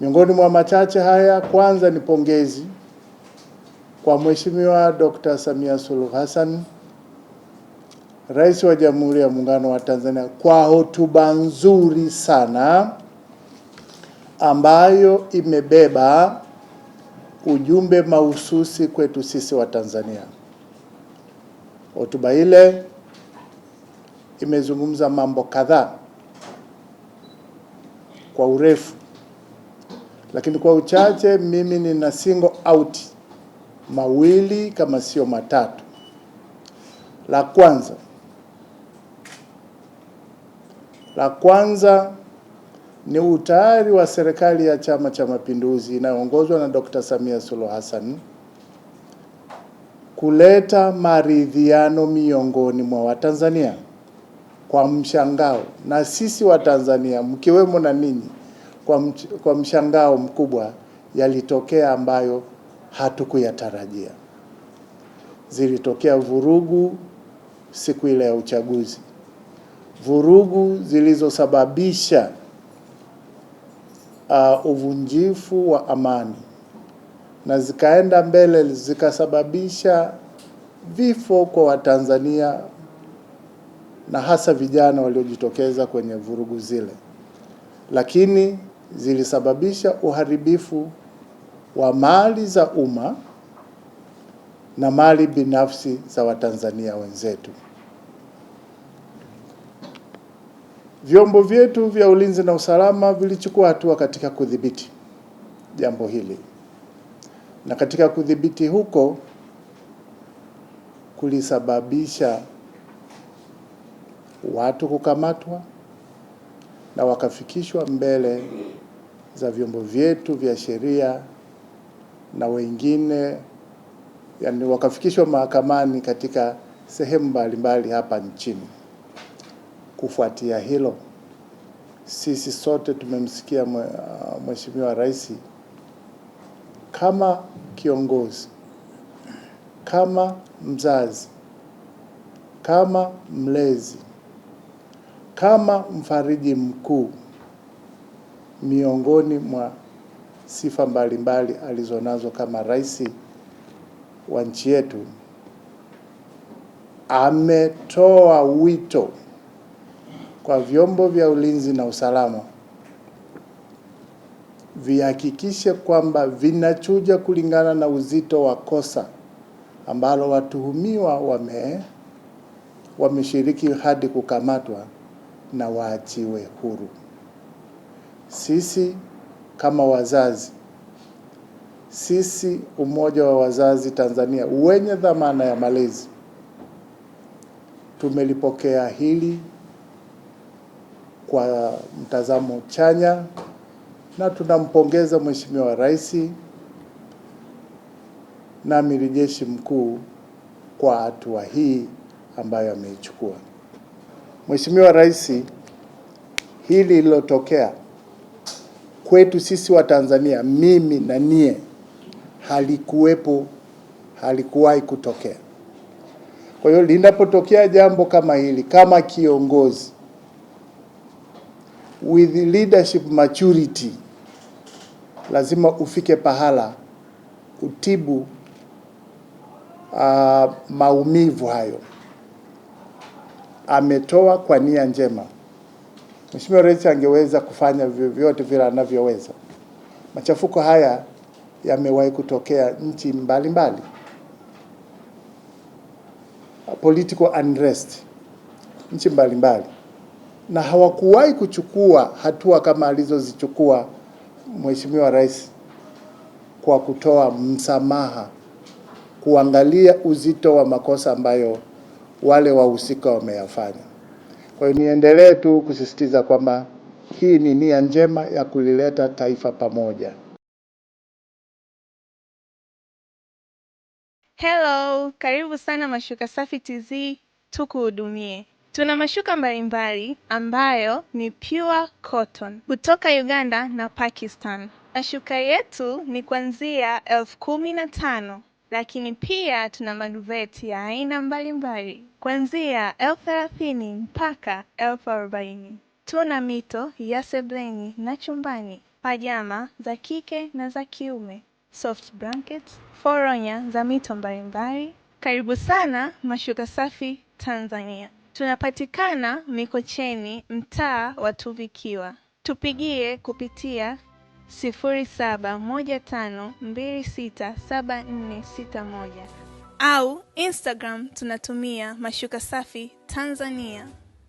Miongoni mwa machache haya, kwanza ni pongezi kwa Mheshimiwa Dr. Samia Suluhu Hassan, Rais wa Jamhuri ya Muungano wa Tanzania kwa hotuba nzuri sana ambayo imebeba ujumbe mahususi kwetu sisi wa Tanzania. Hotuba ile imezungumza mambo kadhaa kwa urefu lakini kwa uchache mimi nina single out mawili kama sio matatu. La kwanza la kwanza ni utayari wa serikali ya Chama cha Mapinduzi inayoongozwa na Dr. Samia Suluhu Hassan kuleta maridhiano miongoni mwa Watanzania. Kwa mshangao, na sisi Watanzania mkiwemo na ninyi kwa, mch kwa mshangao mkubwa yalitokea ambayo hatukuyatarajia. Zilitokea vurugu siku ile ya uchaguzi, vurugu zilizosababisha uh, uvunjifu wa amani na zikaenda mbele zikasababisha vifo kwa Watanzania na hasa vijana waliojitokeza kwenye vurugu zile, lakini zilisababisha uharibifu wa mali za umma na mali binafsi za Watanzania wenzetu. Vyombo vyetu vya ulinzi na usalama vilichukua hatua katika kudhibiti jambo hili, na katika kudhibiti huko kulisababisha watu kukamatwa na wakafikishwa mbele za vyombo vyetu vya sheria na wengine yani, wakafikishwa mahakamani katika sehemu mbalimbali hapa nchini. Kufuatia hilo, sisi sote tumemsikia uh, Mheshimiwa Rais kama kiongozi, kama mzazi, kama mlezi kama mfariji mkuu miongoni mwa sifa mbalimbali alizonazo kama rais wa nchi yetu, ametoa wito kwa vyombo vya ulinzi na usalama vihakikishe kwamba vinachuja kulingana na uzito wa kosa ambalo watuhumiwa wame wameshiriki hadi kukamatwa na waachiwe huru. Sisi kama wazazi, sisi umoja wa wazazi Tanzania wenye dhamana ya malezi, tumelipokea hili kwa mtazamo chanya na tunampongeza Mheshimiwa Rais na Amiri Jeshi Mkuu kwa hatua hii ambayo ameichukua. Mheshimiwa Rais, hili lilotokea kwetu sisi wa Tanzania, mimi na nie, halikuwepo, halikuwahi kutokea. Kwa hiyo linapotokea jambo kama hili, kama kiongozi with leadership maturity, lazima ufike pahala utibu uh, ah, maumivu hayo ametoa kwa nia njema. Mheshimiwa Rais angeweza kufanya vyovyote vile anavyoweza. Machafuko haya yamewahi kutokea nchi mbalimbali mbali, political unrest nchi mbalimbali mbali, na hawakuwahi kuchukua hatua kama alizozichukua Mheshimiwa Rais kwa kutoa msamaha, kuangalia uzito wa makosa ambayo wale wahusika wameyafanya. Kwa hiyo niendelee tu kusisitiza kwamba hii ni nia njema ya kulileta taifa pamoja. Hello, karibu sana Mashuka Safi TZ, tukuhudumie. Tuna mashuka mbalimbali ambayo ni pure cotton kutoka Uganda na Pakistan, mashuka yetu ni kuanzia elfu kumi na tano. Lakini pia tuna magazeti ya aina mbalimbali kuanzia elfu thelathini mpaka elfu arobaini. Tuna mito ya sebleni na chumbani, pajama za kike na za kiume, soft blankets, foronya za mito mbalimbali. Karibu sana Mashuka Safi Tanzania. Tunapatikana Mikocheni, mtaa wa Tuvikiwa. Tupigie kupitia 0715267461 au Instagram tunatumia Mashuka Safi Tanzania.